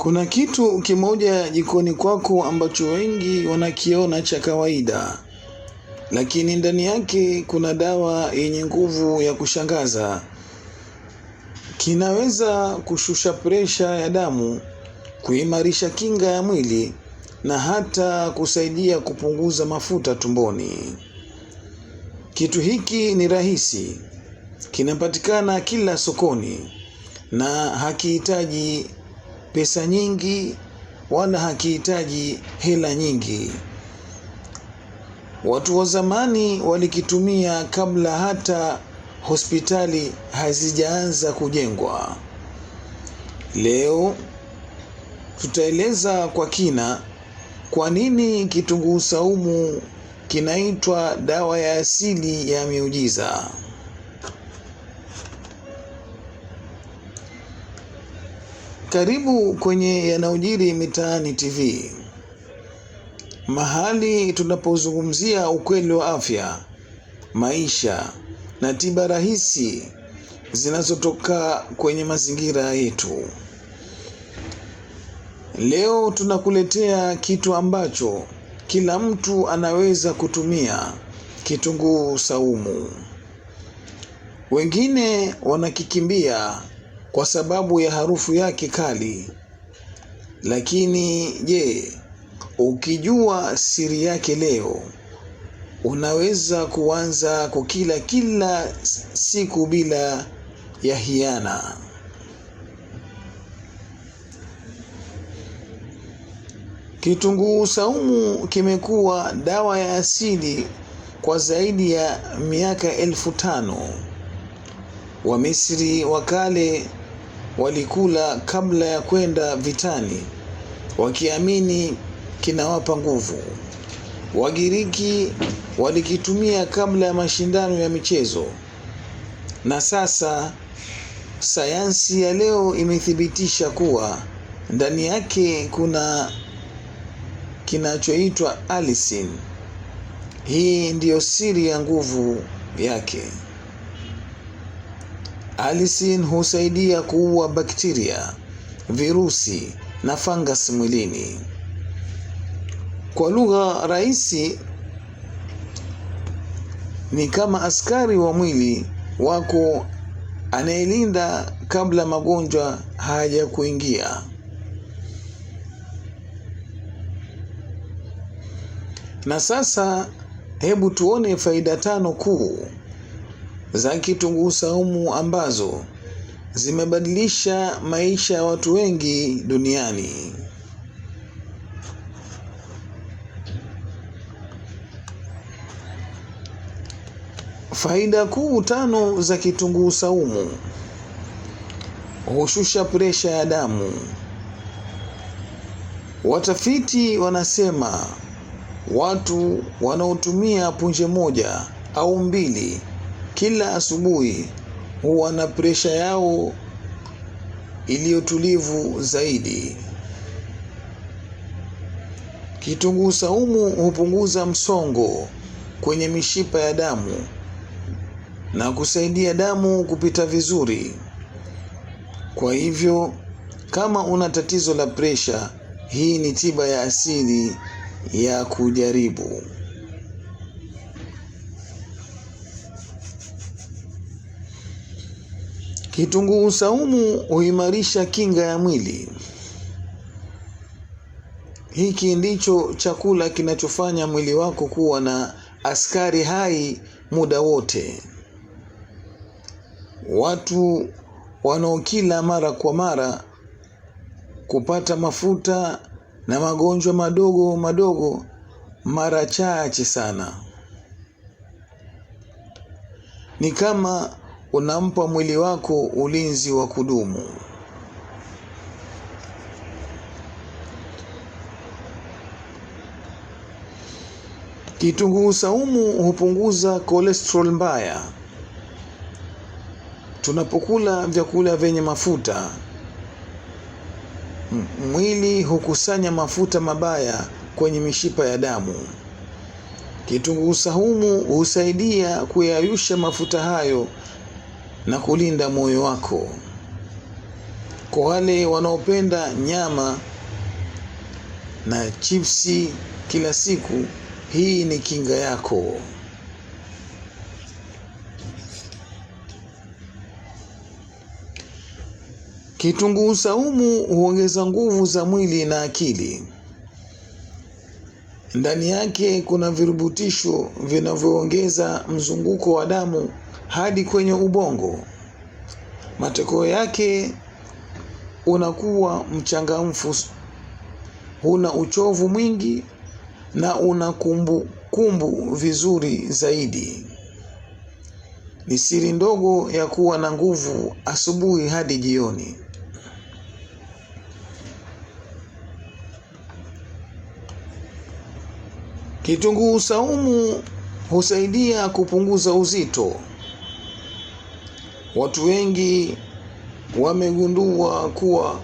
Kuna kitu kimoja jikoni kwako ambacho wengi wanakiona cha kawaida, lakini ndani yake kuna dawa yenye nguvu ya kushangaza. Kinaweza kushusha presha ya damu, kuimarisha kinga ya mwili na hata kusaidia kupunguza mafuta tumboni. Kitu hiki ni rahisi, kinapatikana kila sokoni na hakihitaji pesa nyingi wala hakihitaji hela nyingi. Watu wa zamani walikitumia kabla hata hospitali hazijaanza kujengwa. Leo tutaeleza kwa kina kwa nini kitunguu saumu kinaitwa dawa ya asili ya miujiza. Karibu kwenye yanayojiri mitaani TV, mahali tunapozungumzia ukweli wa afya, maisha na tiba rahisi zinazotoka kwenye mazingira yetu. Leo tunakuletea kitu ambacho kila mtu anaweza kutumia, kitunguu saumu. Wengine wanakikimbia kwa sababu ya harufu yake kali. Lakini je, ukijua siri yake leo unaweza kuanza kukila kila siku bila ya hiana. Kitunguu saumu kimekuwa dawa ya asili kwa zaidi ya miaka elfu tano. Wamisri wa kale walikula kabla ya kwenda vitani, wakiamini kinawapa nguvu. Wagiriki walikitumia kabla ya mashindano ya michezo, na sasa sayansi ya leo imethibitisha kuwa ndani yake kuna kinachoitwa alisin. Hii ndiyo siri ya nguvu yake. Alisin husaidia kuua bakteria, virusi na fungus mwilini. Kwa lugha rahisi, ni kama askari wa mwili wako anayelinda kabla magonjwa hayajakuingia. Na sasa hebu tuone faida tano kuu za kitunguu saumu ambazo zimebadilisha maisha ya watu wengi duniani. Faida kuu tano za kitunguu saumu: hushusha presha ya damu. Watafiti wanasema watu wanaotumia punje moja au mbili kila asubuhi huwa na presha yao iliyotulivu zaidi. Kitunguu saumu hupunguza msongo kwenye mishipa ya damu na kusaidia damu kupita vizuri. Kwa hivyo kama una tatizo la presha, hii ni tiba ya asili ya kujaribu. Kitunguu saumu huimarisha kinga ya mwili. Hiki ndicho chakula kinachofanya mwili wako kuwa na askari hai muda wote. Watu wanaokila mara kwa mara kupata mafuta na magonjwa madogo madogo mara chache sana. Ni kama unampa mwili wako ulinzi wa kudumu. Kitunguu saumu hupunguza kolestrol mbaya. Tunapokula vyakula vyenye mafuta, mwili hukusanya mafuta mabaya kwenye mishipa ya damu. Kitunguu saumu husaidia kuyayusha mafuta hayo na kulinda moyo wako. Kwa wale wanaopenda nyama na chipsi kila siku, hii ni kinga yako. Kitunguu saumu huongeza nguvu za mwili na akili. Ndani yake kuna virubutisho vinavyoongeza mzunguko wa damu hadi kwenye ubongo. Matokeo yake unakuwa mchangamfu, huna uchovu mwingi na una kumbu kumbu vizuri zaidi. Ni siri ndogo ya kuwa na nguvu asubuhi hadi jioni. Kitunguu saumu husaidia kupunguza uzito. Watu wengi wamegundua kuwa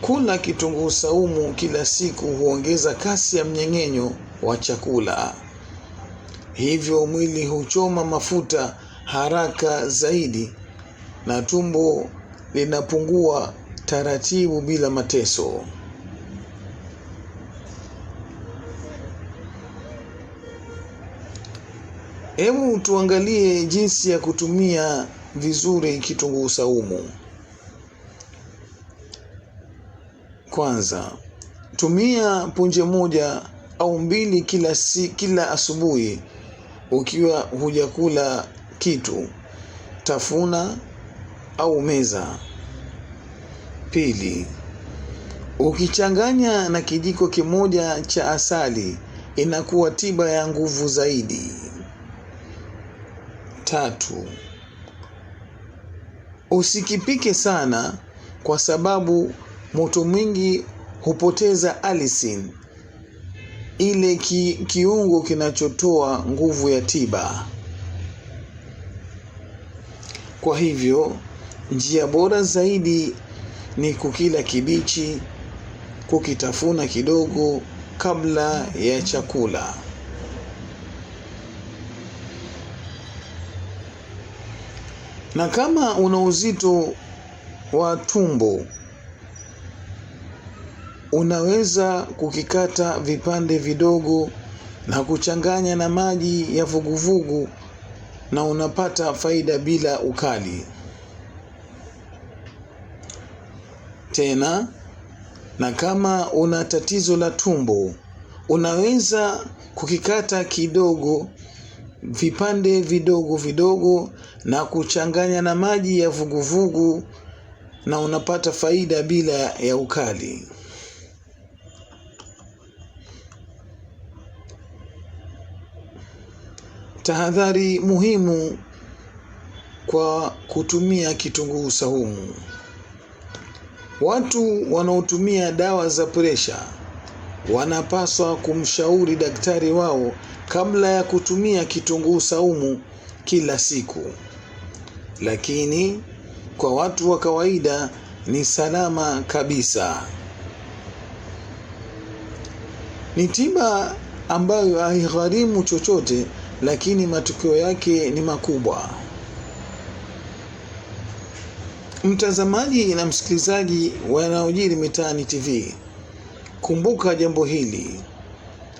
kula kitunguu saumu kila siku huongeza kasi ya mnyengenyo wa chakula, hivyo mwili huchoma mafuta haraka zaidi na tumbo linapungua taratibu bila mateso. Hebu tuangalie jinsi ya kutumia vizuri kitunguu saumu. Kwanza, tumia punje moja au mbili kila, si, kila asubuhi ukiwa hujakula kitu, tafuna au meza. Pili, ukichanganya na kijiko kimoja cha asali inakuwa tiba ya nguvu zaidi. Tatu, Usikipike sana kwa sababu moto mwingi hupoteza alisin, ile ki, kiungo kinachotoa nguvu ya tiba. Kwa hivyo njia bora zaidi ni kukila kibichi, kukitafuna kidogo kabla ya chakula. na kama una uzito wa tumbo unaweza kukikata vipande vidogo na kuchanganya na maji ya vuguvugu na unapata faida bila ukali. Tena na kama una tatizo la tumbo unaweza kukikata kidogo vipande vidogo vidogo na kuchanganya na maji ya vuguvugu na unapata faida bila ya ukali. Tahadhari muhimu kwa kutumia kitunguu saumu. Watu wanaotumia dawa za presha wanapaswa kumshauri daktari wao kabla ya kutumia kitunguu saumu kila siku, lakini kwa watu wa kawaida ni salama kabisa. Ni tiba ambayo haigharimu chochote, lakini matokeo yake ni makubwa. Mtazamaji na msikilizaji wa yanayojiri mitaani TV. Kumbuka jambo hili,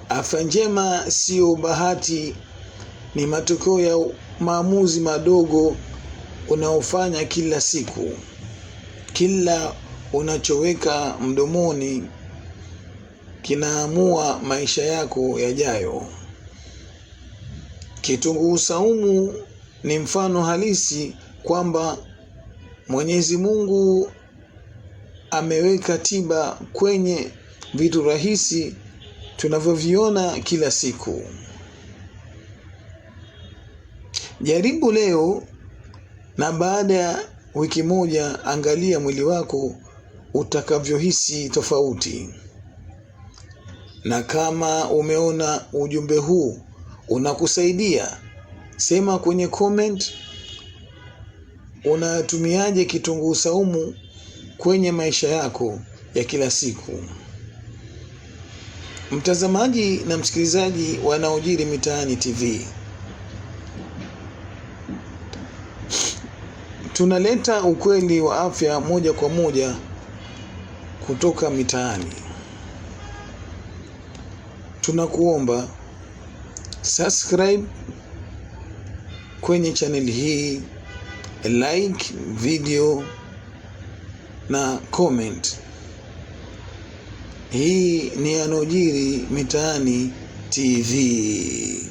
afya njema siyo bahati, ni matokeo ya maamuzi madogo unaofanya kila siku. Kila unachoweka mdomoni kinaamua maisha yako yajayo. Kitunguu saumu ni mfano halisi kwamba Mwenyezi Mungu ameweka tiba kwenye vitu rahisi tunavyoviona kila siku. Jaribu leo na baada ya wiki moja, angalia mwili wako utakavyohisi tofauti. Na kama umeona ujumbe huu unakusaidia, sema kwenye comment unatumiaje kitunguu saumu kwenye maisha yako ya kila siku. Mtazamaji na msikilizaji yanayojiri mitaani TV, tunaleta ukweli wa afya moja kwa moja kutoka mitaani. Tunakuomba subscribe kwenye chaneli hii, like video na comment. Hii ni yanayojiri mitaani TV.